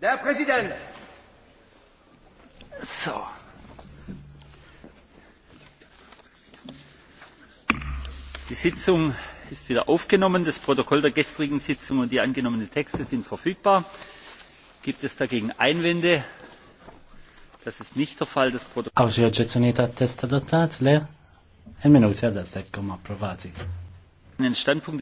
Der Präsident! So. Die Sitzung ist wieder aufgenommen. Das Protokoll der gestrigen Sitzung und die angenommenen Texte sind verfügbar. Gibt es dagegen Einwände? Das ist nicht der Fall. Das Protokoll. Standpunkt